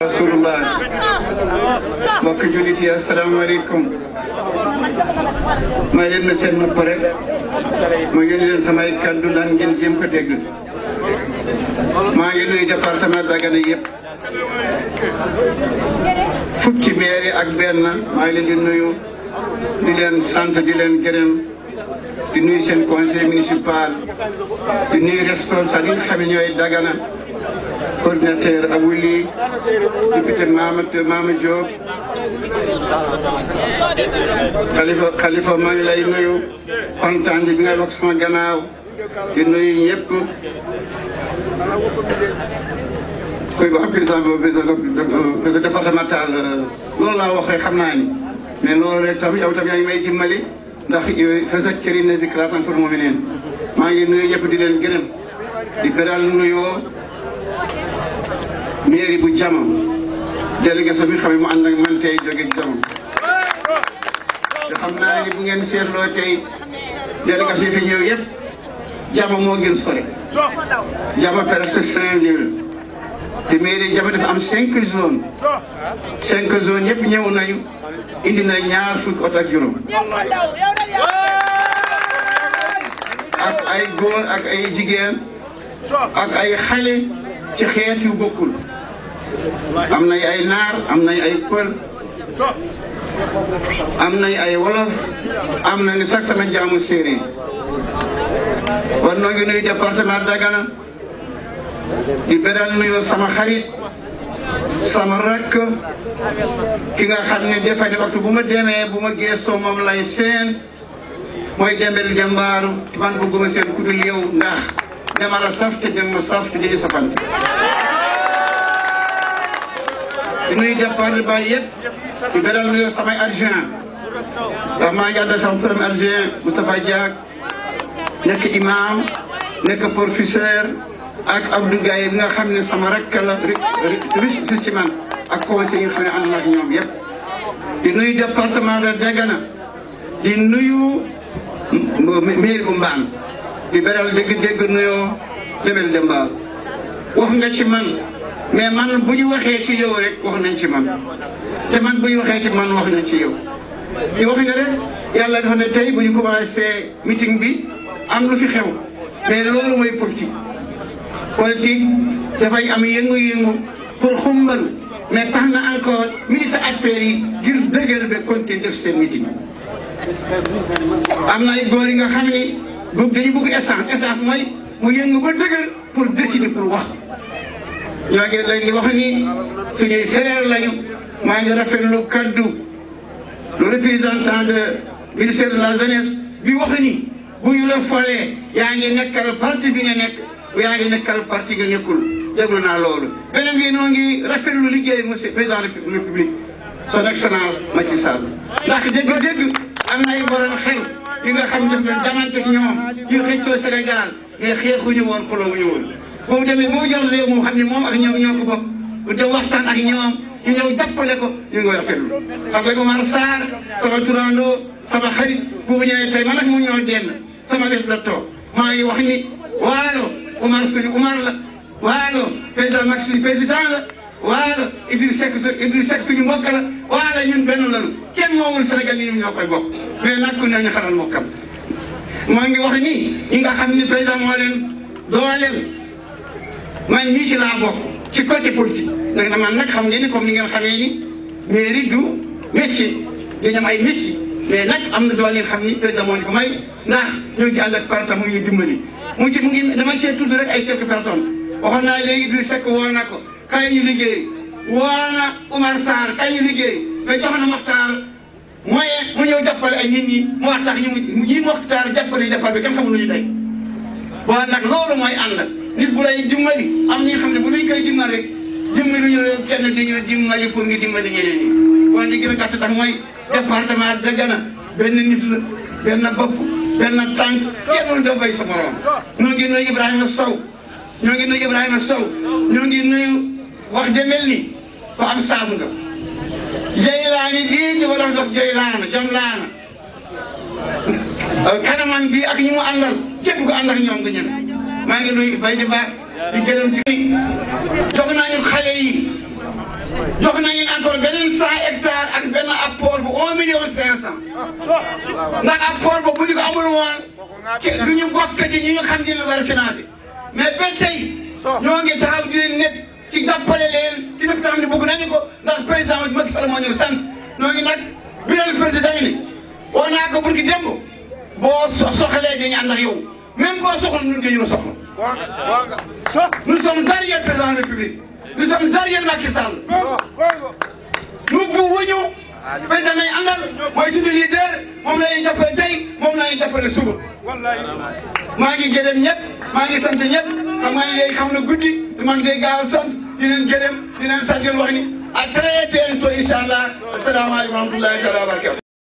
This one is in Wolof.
rasulullah mbokk jullit yi asalaamaaleykum may leen seen nopp rek ma yónni leen samay kàddu lan ngeen jéem ko dégg maa ngi nuyu département Dagana yëpp fukki maire yi ak benn maa ngi leen di nuyu di leen sant di leen gërëm di nuyu seen conseil municipal di nuyu responsable yi nga xam ñooy Dagana coordinateur Abouli député Mama Mama Diop Khalifa Khalifa maa ngi lay nuyu kontaan bi wax sama gannaaw di nuyu ñëpp kuy wax président bi départemental loolu laa wax rek xam naa ni mais loolu rek tam yow yaa fa sa këri na zikra tan pour mu neen maa ngi nuyu ñëpp di leen gërëm di mairie bu jàmm délégation bi xam ne mu ànd tey jóge jàmm te xam naa ni bu ngeen seetloo tey délégation yi fi ñëw yëpp jàmm moo gën sori jàmm presque cinq am cinq zones cinq zones yëpp ñëw nañu indi na ñaar fukki oto ak juróom ak ay góor ak ay jigéen ak ay xale ci xéet yu bokul am nay ay nar am nay ay peul am nay ay wolof am na ni sax sama jaamu séeréer kon ngi département Dagana di beral nuyoo sama xarit sama rakk ki nga xam ne defa ne waxtu buma démé buma gesso mom lay seen moy dembel jàmbaaru man seen yow ndax jamano safti janngo safti ɗiɗi sapante ɗumuyi jappande ba yeb mi mbeɗannoyo samay argent ndax ma jadda sam forum argent moustapha diak nekk imam nekk professeur ak abdou gaye bi nga xam ne sama rakk la riche si ci man ak conseil yi nga xam ne ànd naa ak ñoom yëpp di Dagana di nuyu mairie bu di beral dégg-dégg nuyoo Lamine Demba wax na ci man mais man bu ñu waxee ci yow rek wax nañ ci man te man bu ñu waxee ci man wax nañ ci yow. ñu wax nga rek yàlla dafa ne tey bu ñu commencé meeting bi am lu fi xew mais loolu mooy politique politique dafay am yëngu-yëngu pour xumbal mais tax na encore militaires ak pères yi ngir dëgër ba continuer def seen meeting am na ay góor yi nga xam ni. boobu dañu bëgg essence essence mooy mu yëngu ba dëgër pour décider pour wax ñoo ngi leen di wax ni suñuy fereer lañu maa ngi rafet rafetlu kaddu le représentant de ministère de la jeunesse bi wax ni bu ñu la falee yaa ngi nekkal parti bi nga nekk yaa ngi nekkal parti nga nekkul déglu naa loolu. beneen bi noo ngi lu liggéey monsieur président de la république son excellence Macky ndax dégg-dégg am na ay borom yi nga xam ne dañu jamante ak ñoom ñu xëccoo Sénégal mais xeexuñu woon xulóowuñu woon. ba mu demee ba mu jot réew moom xam ne moom ak ñoom ñoo ko bokk bu dem waxtaan ak ñoom ñu ñëw jàppale ko ñu ngi koy rafetlu. Pape Oumar Sarr sama turandoo sama xarit bu mu ñëwee tey man ak mu ñoo denn sama def la toog maa ngi wax ni waalo Oumar suñu Oumar la waalo président Macky suñu président la. waala Idriss Seck su ñu Seck suñu mbokk la waala ñun benn lañu kenn moomul Sénégal ni ñun ñoo koy bokk mais nàkku maa ngi wax nii ñi nga xam ni président moo leen dooleel man ñii ci laa bokk ci côté politique nag man nag xam ngeen ni comme ni ngeen xamee ni mairie du métier dañu am ay métier mais nag am na doole xam ni président moo ñu ko may ndax ñoo ngi ci ànd ak parta mu dimbali mu ci mu ngi dama cee tudd rek ay quelques personnes waxoon naa léegi Idriss woo na kaay ñu liggéey woo na Umar sar, kaay ñu liggéey mais jox na Mokhtar moyen mu ñëw jàppale ay nit ñi moo tax ñu ñi Mokhtar jàppale jàppal bi kenn xamul lu ñu tey waaw nag loolu mooy ànd nit bu lay dimbali am ñi xam ne bu duñ koy dimbali rek dimbali ñu kenn di ñu dimbali pour nga dimbali ñeneen ñi kon li gën a gàtt tax mooy département de Gana benn nit la benn bopp benn tànk kenn mënu da bay sa morom ngi nuyu Ibrahima Sow ñoo ngi nuyu Ibrahima Sow ñoo ngi nuyu wax jëmel ni ko am saas nga jaylaani gii ñu wala dox jaylaana jamlaana kanamam bi ak ñi mu àndal képp ko ànd ñoom nga ñën maa ngi nuyu bay di baax di gërëm ci jox nañu xale yi jox nañu encore beneen cent hectares ak benn apport bu un million cinq cent ndax apport bu bu ñu ko amul du ñu bokk ci ñu xam lu war a financé mais tey ñoo ngi taxaw di nekk ci jàppale leen ci lépp nga xam ne bëgg nañu ko ndax président Macky Sall moo ñëw sant ñoo ngi nag biral président yi ni woo naa ko burki démb boo soxlee dañu ànd ak yow même boo soxla ñun dañu la soxla. waaw waaw nous sommes derrière président de la République nous sommes derrière Macky Sall. nu bu wëñu président lañ àndal mooy suñu leader moom la ñuy jàppale tey moom la ñuy jàppale suba. maa ngi gërëm ñëpp maa ngi sant ñëpp xam nga léegi xam na guddi te maa ngi day gaaw a sant. di leen gërëm di leen sant wax ni à très bientôt incha allah asalaamaaleykum wa rahmatullahi